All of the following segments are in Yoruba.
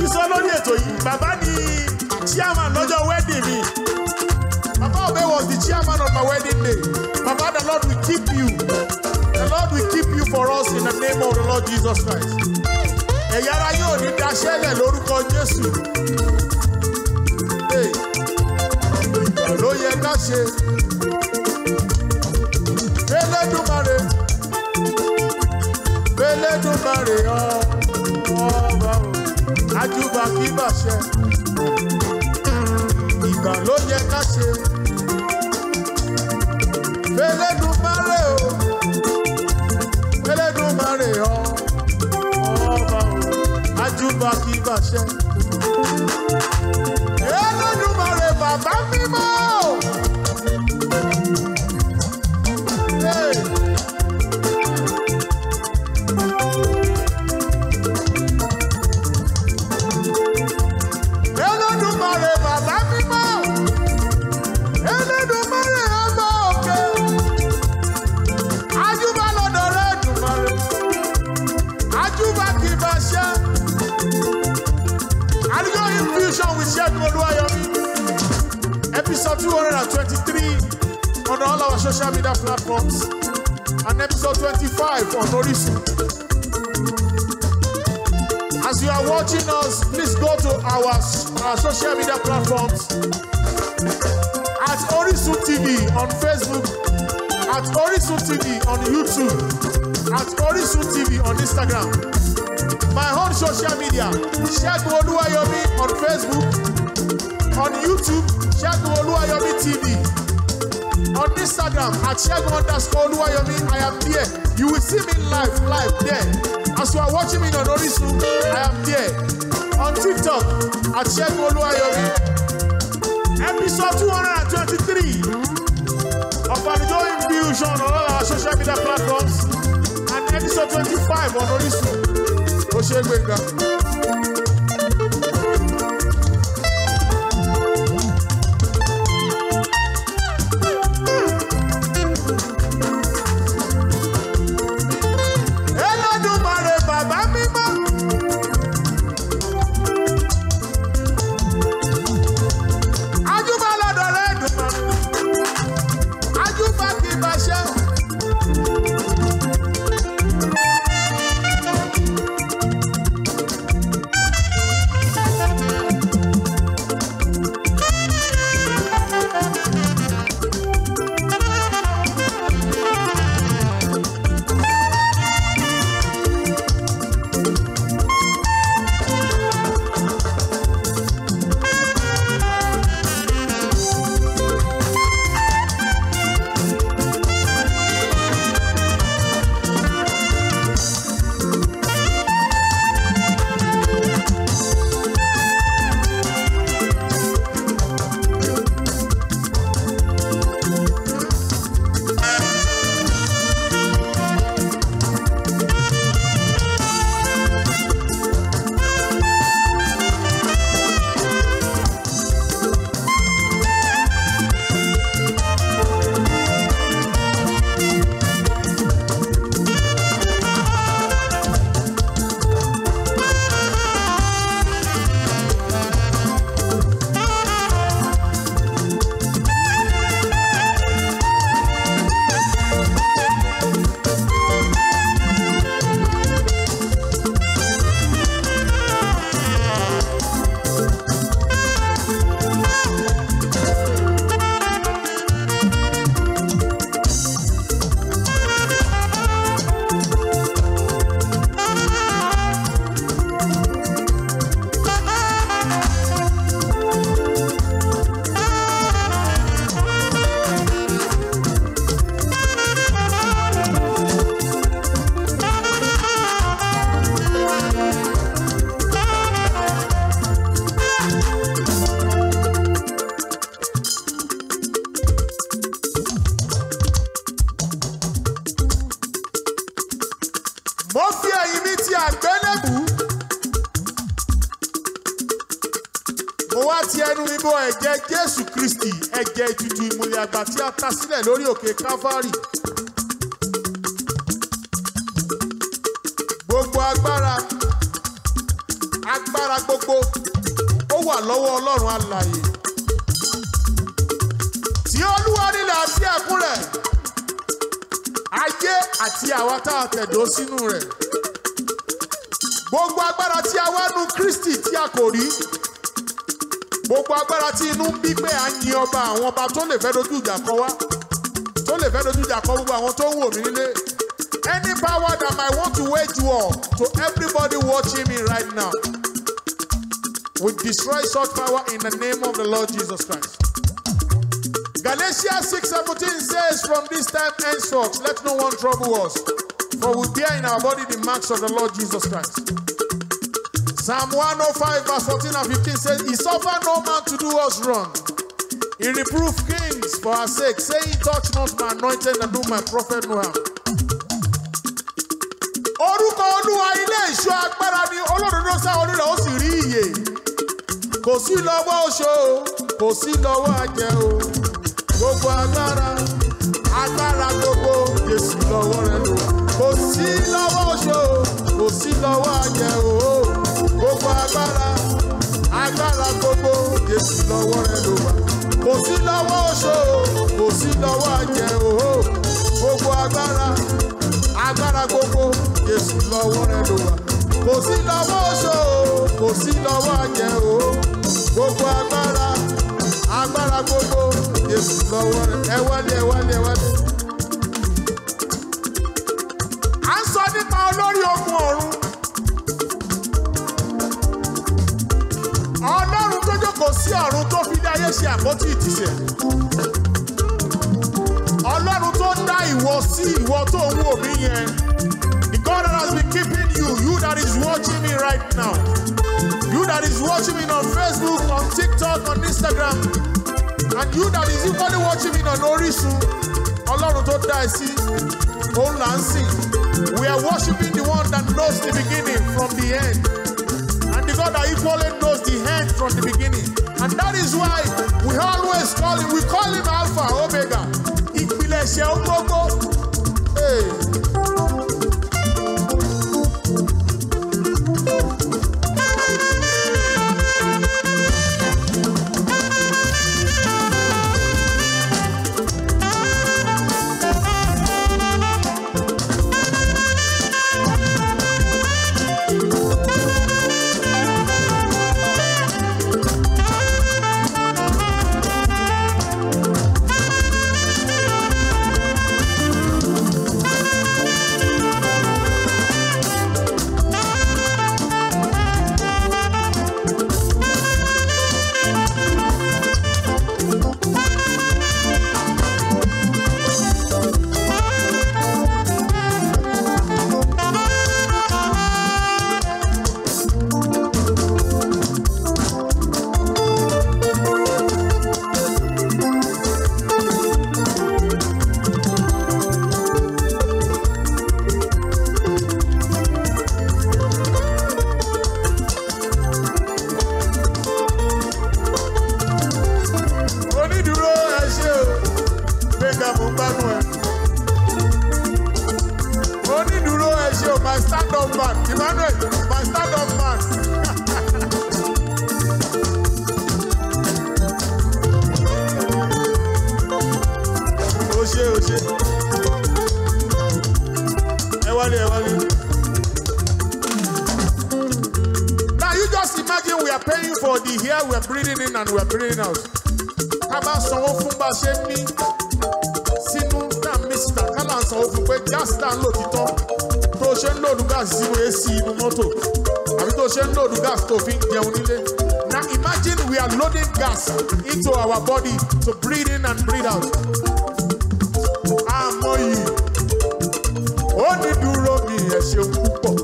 ti sọ lórí ètò yìí bàbá ni chairman lọ́jọ́ wedding mi bàbá Obey was the chairman of my wedding day bàbá the Lord will keep you the Lord will keep you for us in the name of the Lord Jesus Christ ẹ̀yà ara yóò ní daṣẹ́lẹ̀ lórúkọ Jésù ló yẹ ká ṣe Elédùmarè Elédùmarè ọ́. Ah ajúbà kí bàṣẹ ìgbà ló yẹ ká ṣe fẹlẹdùn má o fẹlẹdùn má rè ọ ọba o ajúbà kí bàṣẹ fẹlẹdùn má rè bàbá mi. social media platforms, and episode 25 on Orisun. As you are watching us, please go to our, our social media platforms at Orisun TV on Facebook, at Orisun TV on YouTube, at Orisun TV on Instagram. My own social media, Segun Oluwayomi on Facebook, on YouTube, Segun Oluwayomi TV on Instagram at Segun underscore Oluwayomi. I am there. You will see me live, live there. As you are watching me on Orisun, I am there. On TikTok at Segun Oluwayomi. Episode 223 of Banijo Infusion on all our social media platforms. And episode 25 on Orisun. Ó ṣe àgbélébù. mo wá ti ẹnu ibọ ẹ̀jẹ̀ Jésù Kristi ẹ̀jẹ̀ ètùtù ìmùlẹ̀ àgbà tí a ta sílẹ̀ lórí òkè Calvary. gbogbo agbára agbára gbogbo ó wà lọ́wọ́ Ọlọ́run alààyè tí Olúwa nílẹ̀ àti ẹ̀kún rẹ̀ ayé àti àwa tá a tẹ̀dó sínú rẹ̀ gbogbo agbára tí a wá nu Kristi tí a kò rí gbogbo agbára tí inú ń bí pé à ń yin ọba àwọn ọba tó lè fẹ́ dojú ìjà kọ wá tó lè fẹ́ dojú ìjà kọ gbogbo àwọn tó ń wò mí nílé any power that might want to wage war to everybody watching me right now we destroy such power in the name of the Lord Jesus Christ. Galatians 6:17 says, From this time henceforth, let no one trouble us. For we bear in our body the marks of the Lord Jesus Christ. Psalm 105, verse 14 and 15 says, He suffered no man to do us wrong. He reproved kings for our sake, saying, Touch not my anointed and do my prophet no harm. Orúkọ Olúwa ilé ìṣọ́ agbára ni olódodo sá orílẹ̀ ó sì rí ìyè. Kò sí lọ́wọ́ oṣó kò sí lọ́wọ́ àjẹ́ o, gbogbo agbára. lọ́wọ́ rẹ ló wà. kò sí lọ́wọ́ oṣó kò sí lọ́wọ́ àjẹ òhó gbogbo agbára agbára gbogbo Jésù lọ́wọ́ rẹ ló wà. kò sí lọ́wọ́ oṣó kò sí lọ́wọ́ àjẹ òhó gbogbo agbára agbára gbogbo Jésù lọ́wọ́ rẹ ẹ wálé ẹ wálé ẹ wálé. à ń sọ nípa olórí ogun ọ̀run. sí ọ̀run tó fi dé ayé ṣe àpótí ìtìsẹ̀. ọlọ́run tó dá ìwọ sí ìwọ tó ń wò mí yẹn. the God that has been keeping you you that is watching me right now. You that is watching me on Facebook, on TikTok, on Instagram, and you that is equally watching me on Orisun, Ọlọ́run tó dá ẹ sí, òun là ń sìn. We are worshiping the one that knows the beginning from the end fallen knows the end from the beginning. And that is why we always call him, we call him Alpha Omega. Hey. ṣe ń lòdù gáàsì sínú ac inú mọ́tò àbí tó ṣe ń lòdù gáàsì tó fi ń jẹun nílé. Now imagine we are loading gas into our body to breathe in and breathe out. àmọ́ yìí ó ní dúró mi ẹ̀ ṣeun púpọ̀.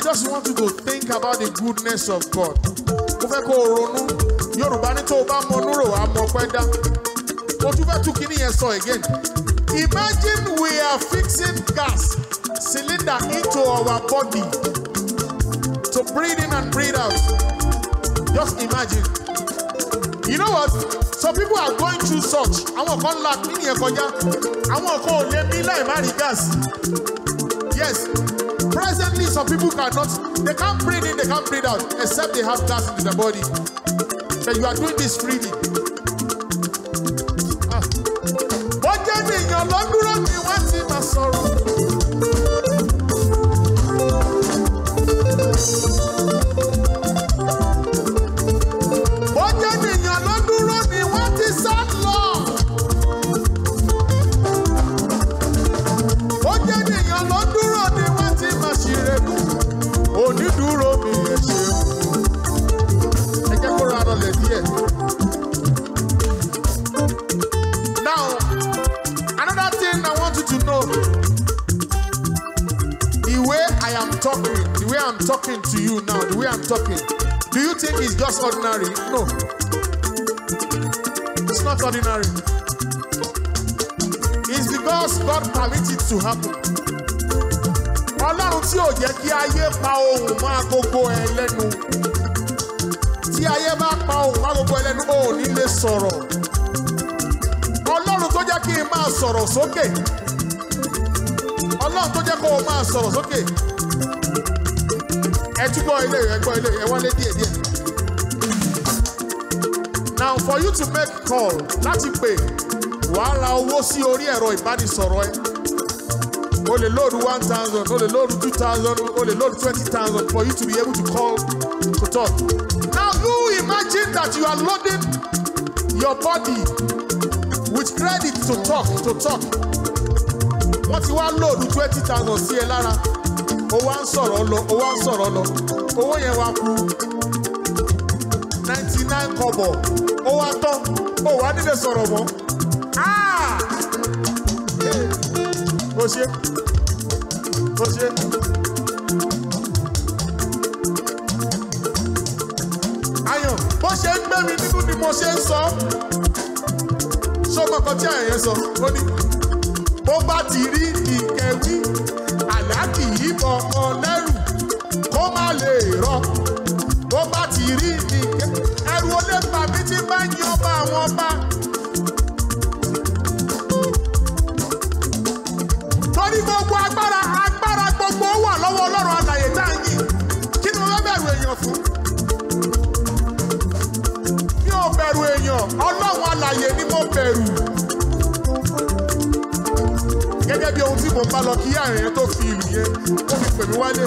I just want you to think about the goodness of God. Mo fẹ́ kó o ronú. Yorùbá ní tó o bá mọ núrò àmọ̀pẹ́ dá. Mo tún fẹ́ tún kíní yẹn sọ again. Imagine we are fixing gas cylinder into our body to breathe in and breathe out. Just imagine. You know what? Some people are going through such. Àwọn kan la kíní yẹn kọjá. Àwọn kan ò lè mí láì má rí gas. Yes. Presently, some people cannot, they can't breathe in, they can't breathe out, except they have gas in the body. But you are doing this freely. Ó ah. talking to you now, the way I'm talking, do you think it's just ordinary? No. It's not ordinary. It's because God permitted it to happen. Ọlọ́run tí ò jẹ́ kí ayé pa ohùn mọ́ agogo ẹ lẹ́nu. Tí ayé bá pa ohùn mọ́ agogo ẹ lẹ́nu, ò ní lè sọ̀rọ̀. Ọlọ́run tó jẹ́ kí n máa sọ̀rọ̀ sókè. Ọlọ́run tó jẹ́ kó o máa sọ̀rọ̀ sókè ẹ túbọ̀ ilé ẹ gbọ́ ilé ẹ wọlé díẹ̀ díẹ̀. now for you to make call láti pè wàá ra owó sí orí ẹ̀rọ ìbánisọ̀rọ̀ ẹ o lè lóòdù one thousand o lè lóòdù two thousand o lè lóòdù twenty thousand for you to be able to call to talk. now you imagine that you are loading your body with credit to talk to talk wọ́n ti wá lóòdù twenty thousand sí ẹ lára ó wá ń sọ̀rọ̀ lọ ó ń sọ̀rọ̀ lọ owó yẹn wá kú ninety nine kọ́bọ̀ ó wá tán ó wá nílé sọ̀rọ̀ mọ́ ah! ó ṣe ó ṣe. ayọ̀ bó ṣe ń gbé mi nínú ni mo ṣe ń sọ sọ́kọ̀kọ̀ tí àyẹ̀ sọ ó ní bó bá ti rí ìkẹ́wí kí kankan lẹ́rù kó má lè rọ bó bá ti rí nìké ẹrù olè pàmí tí bá yín ọba àwọn ọba. torí gbogbo agbára agbára gbogbo wà lọ́wọ́ ọlọ́run àlàyé tá a yìn kí ni wọ́n bẹ̀rù èèyàn fún. mi ò bẹ̀rù èèyàn ọlọ́run àlàyé ni mo bẹ̀rù gẹ́gẹ́ bí ohun tí mò ń bá lọ kí àrìn yẹn tó fi ìlú yẹn ó fi pè wálé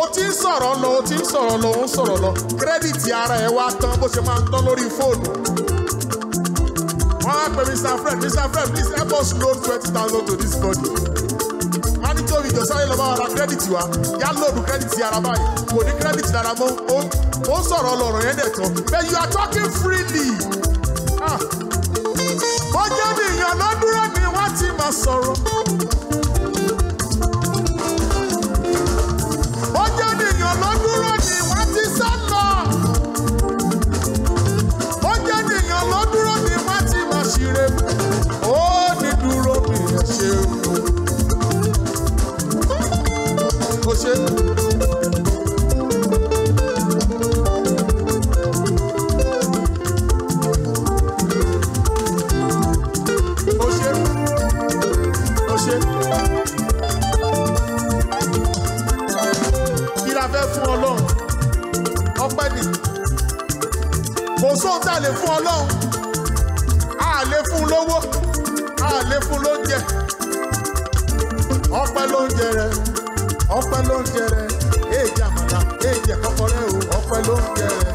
o ti ń sọ̀rọ̀ lọ o ti ń sọ̀rọ̀ lọ o ń sọ̀rọ̀ lọ kírẹ́dìtì ara ẹ̀ wá tán bó ṣe máa ń tán lórí fóònù wọ́n á pè Mr. Fred Mr. Fred please help us load twenty thousand to this body wọ́n á ní tóbi ara kírẹ́dìtì wa yá lóòdù kírẹ́dìtì ara báyìí kò ní kírẹ́dìtì dára mọ́ ó ń sọ̀rọ̀ lọ̀rọ̀ yẹn dẹ̀ tán but you are talking freely. Ah. mo jẹ́ mi ìyànlọ́dúró sọ̀rọ̀. lè fún ọlọ́run a lè fún lówó a lè fún lóúnjẹ ọpẹ́ lóúnjẹ rẹ ọpẹ́ lóúnjẹ rẹ èjì àmàlà èjì kọkọrẹ o ọpẹ́ lóúnjẹ rẹ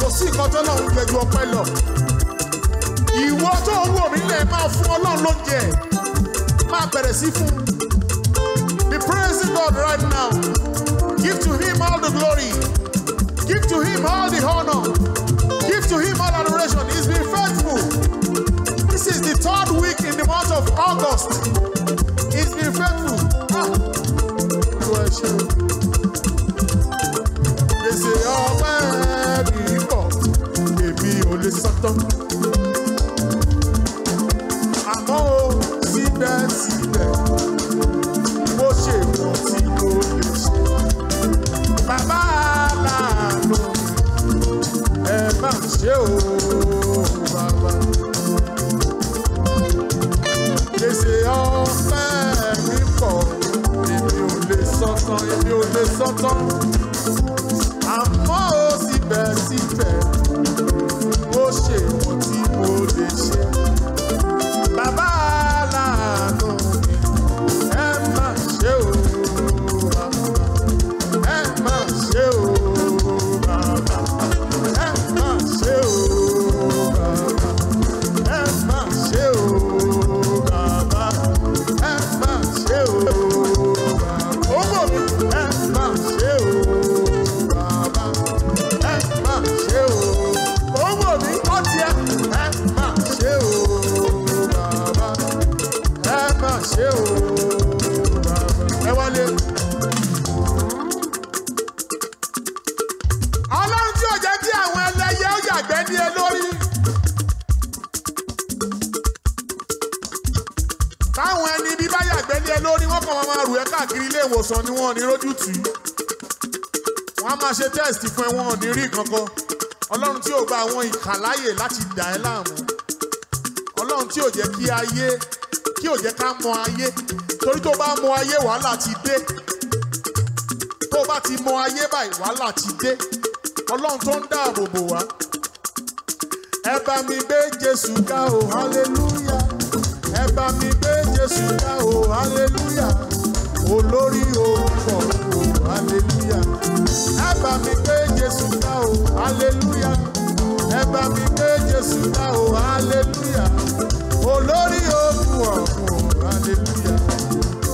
kò sí nǹkan náà ń gbẹjú ọpẹ́ lọ ìwọ tó ń wò mí lè máa fún ọlọ́run lóúnjẹ máa bẹ̀rẹ̀ sí fún be praising God right now give to him all the glory give to him all the honour adoration. He's been faithful. This is the third week in the month of August. He's been faithful. Ah. Gbèsè ọpẹ́ mi bọ̀, èmi ò lè song. gba àwọn ìkà láti dà ẹ́ láàmú ọlọ́run tí ò jẹ́ kí ayé kí ò jẹ́ ká mọ ayé torí tó bá mọ ayé wàhálà ti dé tó bá ti mọ ayé báyìí wàhálà ti dé ọlọ́run tó ń dáàbò bò wá ẹ bá mi gbé Jésù ga o hallelujah ẹ bá mi gbé Jésù ga o hallelujah olórí orúkọ o hallelujah ẹ bá mi gbé Jésù ga o hallelujah ẹ bá mi gbé Jésù ga o hallelujah olórí ogun ọ̀run hallelujah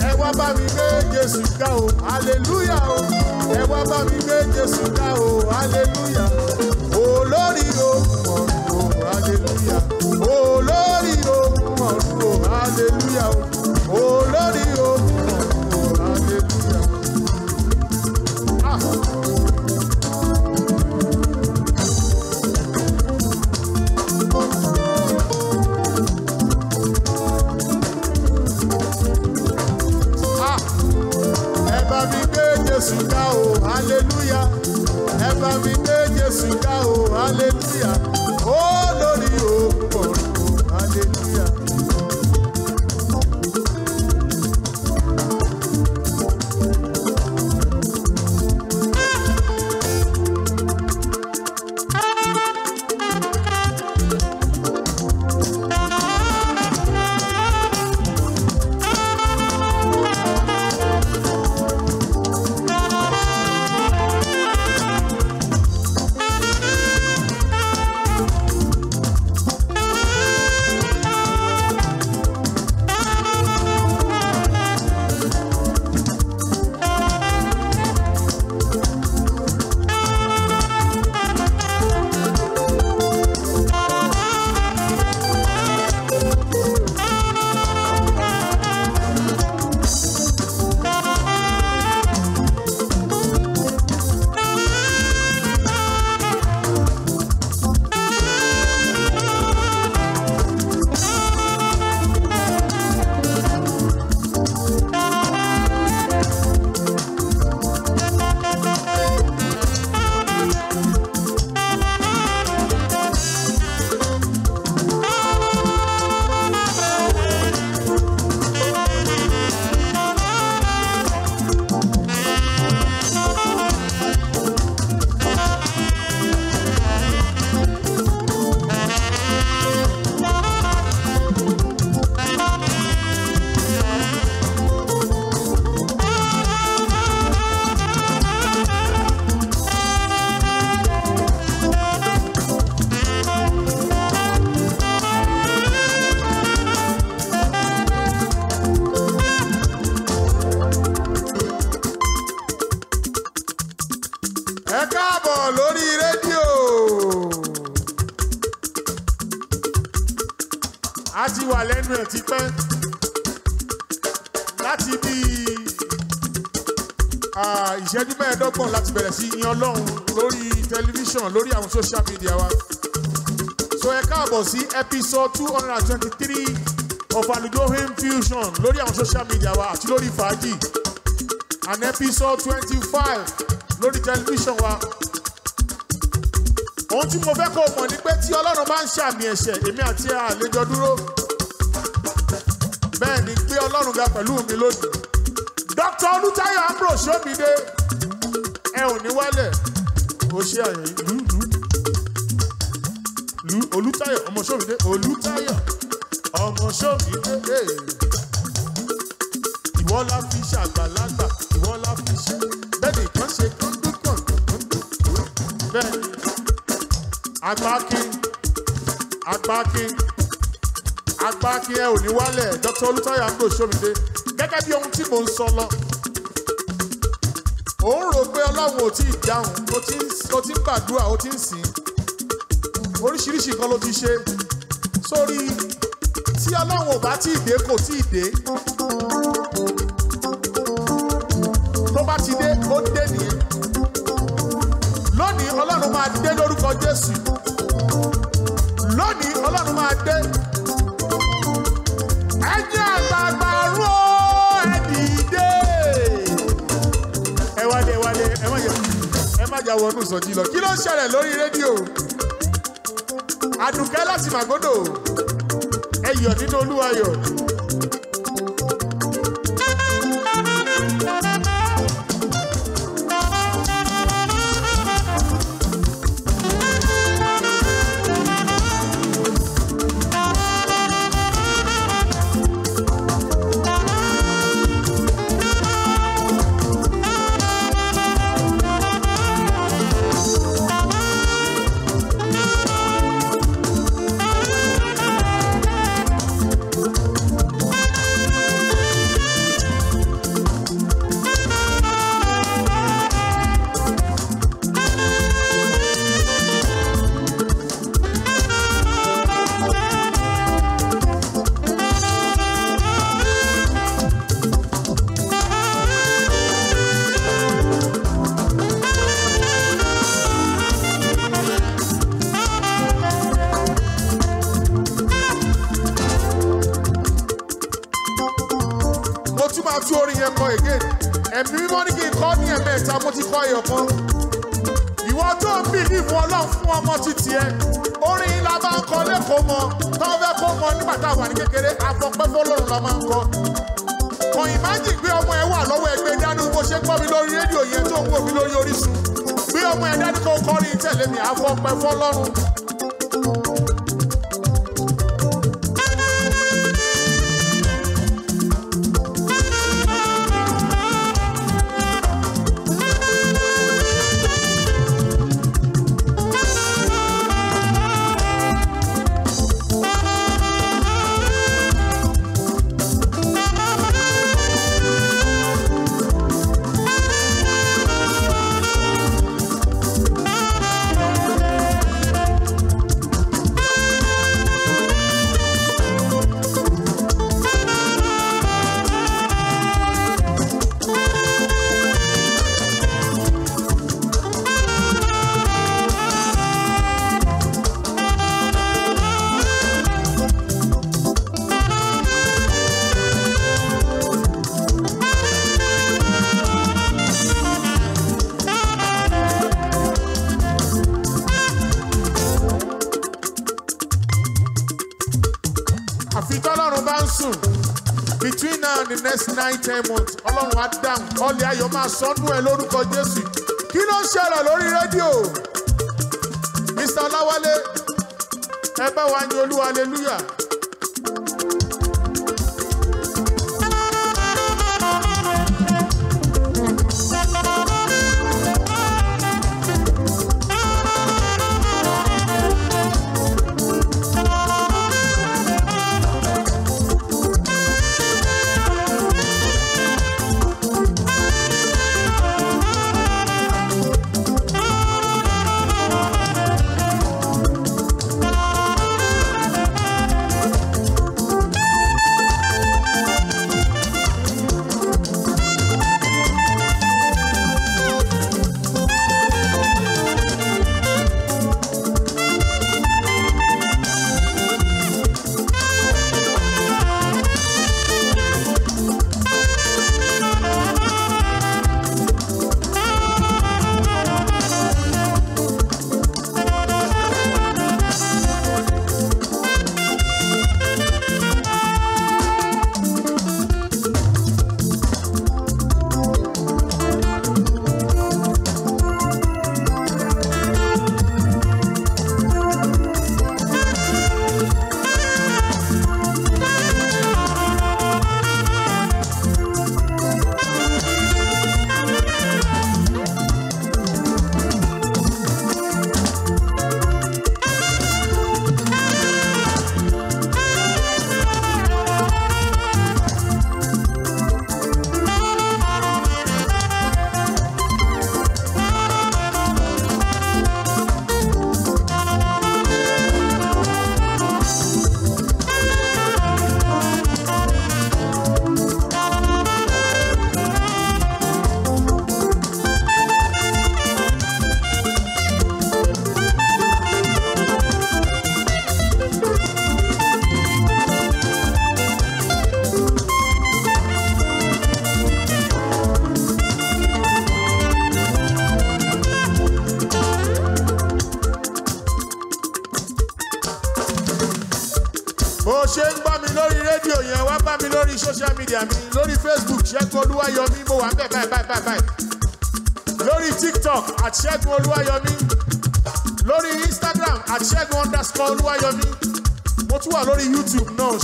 ẹ wá bá mi gbé Jésù ga o hallelujah o ẹ wá bá mi gbé Jésù ga o hallelujah olórí ogun ọ̀run hallelujah. hallelujah. rẹ̀ ti pẹ́ láti bí ìṣẹ́jú mẹ́ẹ̀ẹ́dọ́gbọ̀n láti bẹ̀rẹ̀ sí yan Ọlọ́run lórí tẹlifíṣàn lórí àwọn social media wa so ẹ káàbọ̀ sí episode two hundred and twenty-three of AlujoHymn Fusion lórí àwọn social media wa àti lórí fàájì and episode twenty-five lórí tẹlifíṣàn wa ohun tí mo fẹ́ kó mọ̀ ni pé tí Ọlọ́run bá ń ṣàmì ẹ̀ṣẹ̀ èmi àti àlejò dúró ọlọ́run ga pẹ̀lú mi lónìí Dr. Olútáyọ̀ Ambrose Omide ẹ ò ní wálẹ̀ ó ṣe àyè lùlù lù Olútáyọ̀ ọmọ Ṣómìdé Olútáyọ̀ ọmọ Ṣómìdé ìwọ fi ṣàgbàlagbà ìwọ fi ṣe bẹ́ẹ̀ nìkan ṣe kọ́ńdúkọ̀ọ́dún bẹ́ẹ̀ ni agbákin agbákin agbá kí ẹ ò ní wálẹ̀ Dr. Olútáyọ̀ Àgbòsómìdé gẹ́gẹ́ bí ohun tí mò ń sọ lọ. ò ń rò pé ọlọ́run ò tí ì dáhùn ó ti ń gbàdúrà ó ti ń sìn oríṣiríṣi nǹkan ló ti ṣe sórí tí ọlọ́run ò bá tí ì dé kò tí ì dé tó bá ti dé ó dé nìyẹn lónìí ọlọ́run máa dé lórúkọ Jésù lónìí ọlọ́run máa dé. wọnú ìsọjí lọ kí ló ń ṣẹlẹ̀ lórí rédíò àdùkẹ́ láti màgódò ẹ̀yọ̀ nínú olúwa yọ̀. tún máa fi orin yẹn kọ again ẹ̀mí mímọ́ ní kí n kọ́ ní ẹ̀mẹ́ta mo ti kọ́ ẹyọ kan ìwọ tó ń bì ní ìfún ọlọ́run fún ọmọ títì ẹ orin ńlá máa ń kọ lẹ́kọ̀ọ́ mọ tó fẹ́ kó mọ nígbà tá a wà ní kékeré afọpẹ́fọ́ lọ́run la máa ń kọ kan ìmájì gbé ọmọ ẹ wà lọ́wọ́ ẹgbẹ́ dání bó ṣe gbọ́ mi lórí rédíò yẹn tó ń wò mí lórí Orísun gbé ọmọ ẹ dání kó kọrin tẹ̀lé mi afọpẹ́fọ́ lọ́run nine ten months ọlọ́run á dáhùn ayọ̀ máa sọ́nú ẹ̀ lórúkọ jésù kí ló ń ṣẹlẹ̀ lórí rédíò mr Lawale, ẹ bá wa yin olúwa hallelujah.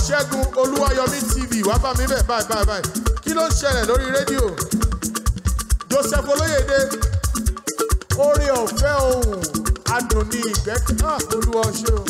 ṣẹ́gun olúwayọmí tv wá bá mi bẹ̀ báyìí báyìí báyìí kí ló ń ṣẹlẹ̀ lórí rédíò joseph olóyèdè oore ọ̀fẹ́ ohùn adùn ní ìgbẹ́kẹ̀ ah, olúwa ṣe o.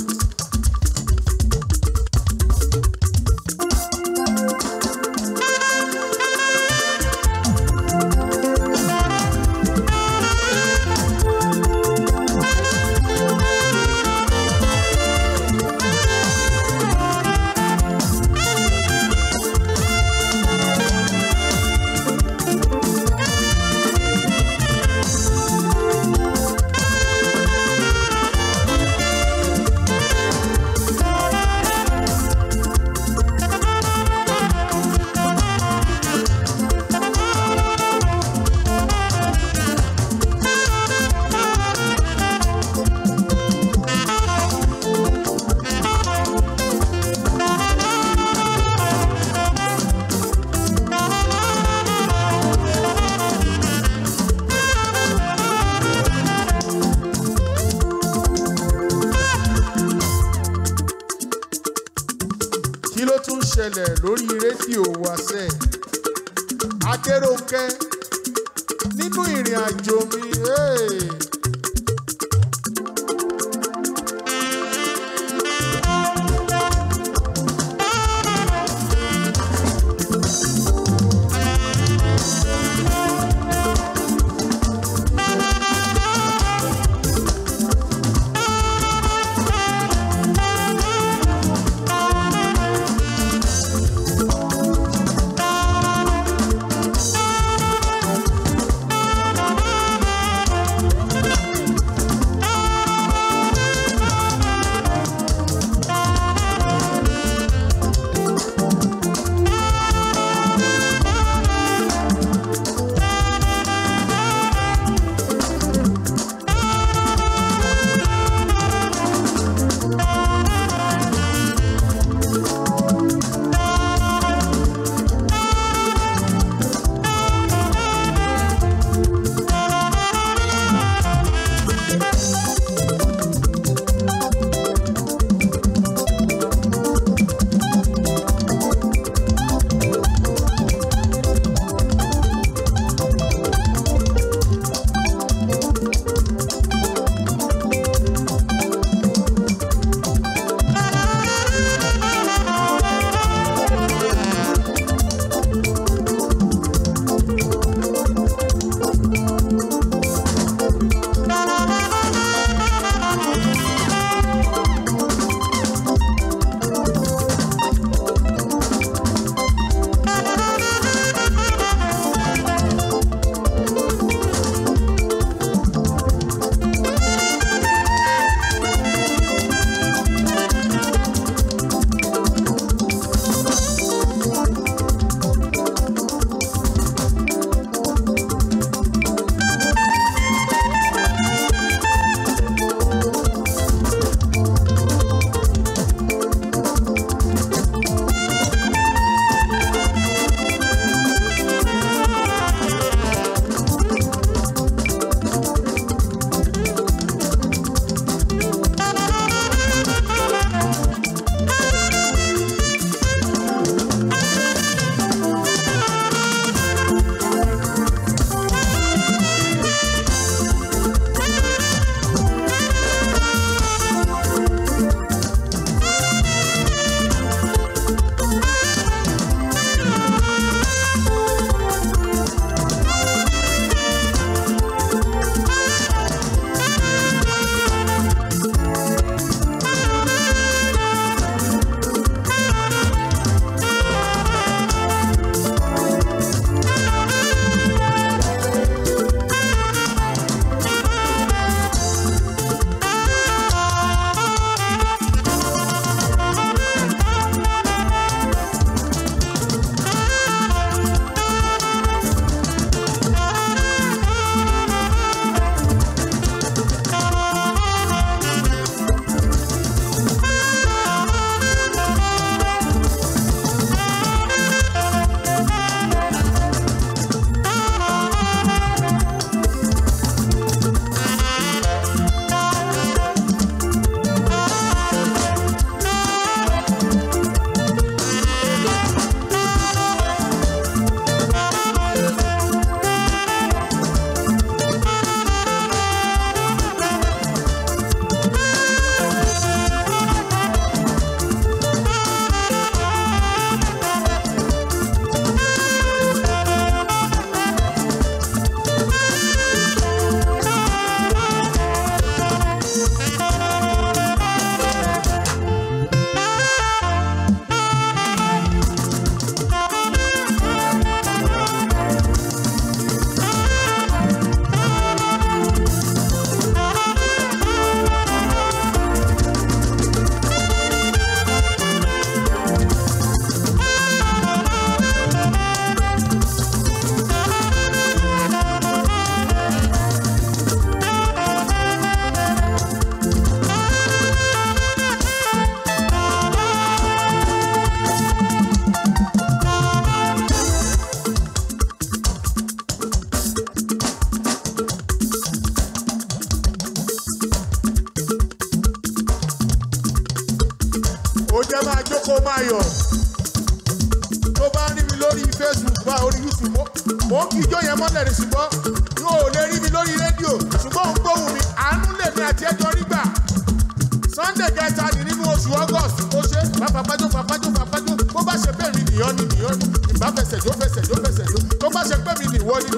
fájú fàfájú bó bá ṣe pé mi nìyọ́ ni nìyọ́ ni ìbá fẹsẹ̀ jó fẹsẹ̀ jó fẹsẹ̀ jó tó bá ṣe pé mi nìwọ́ ni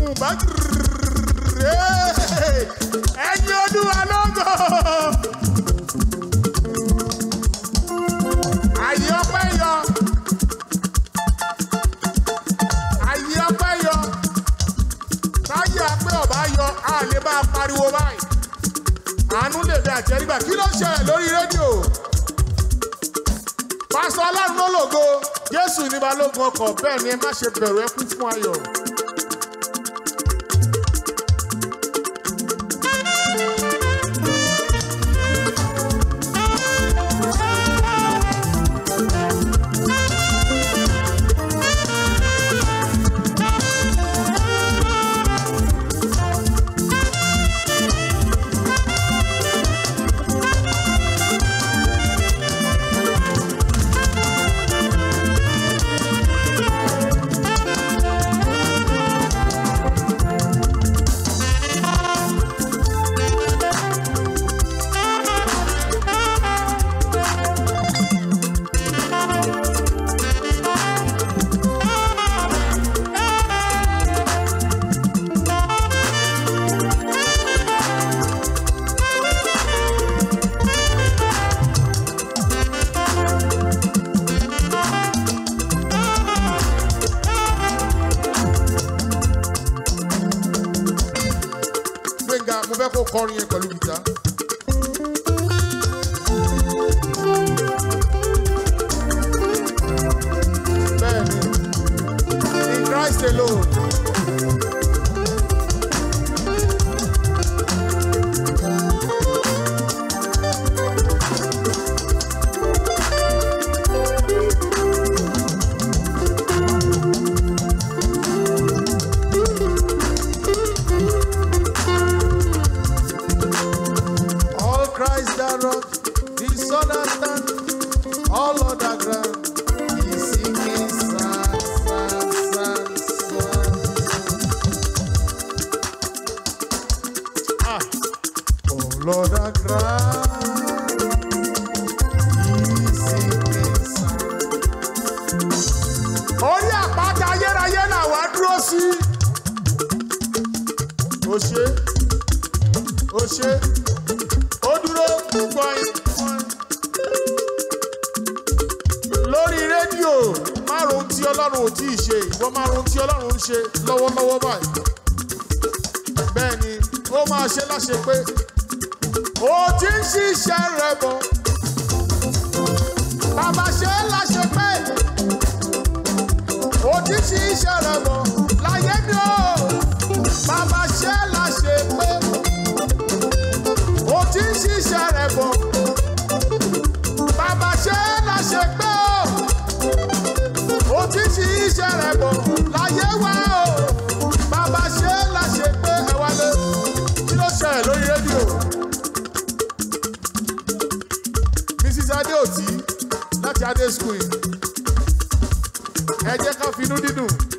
n bá ẹyin olúwa lọ́gọ̀. a lè bá a pariwo báyìí. àánú lè bẹ àjẹrígbà kí ló ṣẹlẹ̀ lórí rédíò aṣọ aláàánú lògo jésù ní balógun ọkọ̀ bẹ́ẹ̀ ni ẹ má ṣe bẹ̀rù ẹkún fún ayọ̀. kó kọrin yẹn pẹ̀lú gìtá. sí iṣẹ́ rẹ̀ mọ̀ láyé mi ò bàbá ṣe láṣẹ pé ó ti ń ṣiṣẹ́ rẹ̀ bọ̀ bàbá ṣe láṣẹ Mrs. Adeoti láti Ade school yìí àfinú dídùn.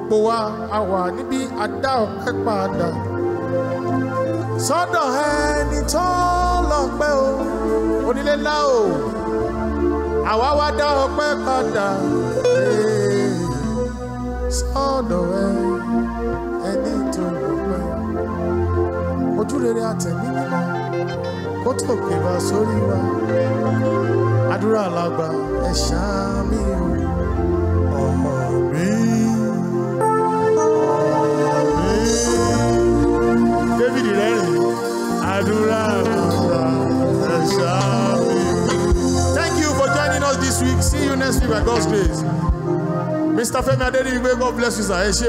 gbogbo eh, wa a wà níbi àdá ọpẹ́ padà sọ́dọ̀ ẹni tó lọ́pẹ́ o onílé ńlá o àwa wá dá ọpẹ́ padà sọ́dọ̀ ẹni tó lọ́pẹ́ ojú rere àtẹ̀mí mímọ́ kó tó gbé wá sórí wa àdúrà làgbà ẹ̀ mi shall be. Thank you for joining us this week. See you next week by God's grace. Mr. Femi Adeniyi, God bless you, sir. Ẹ ṣé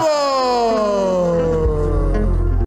o.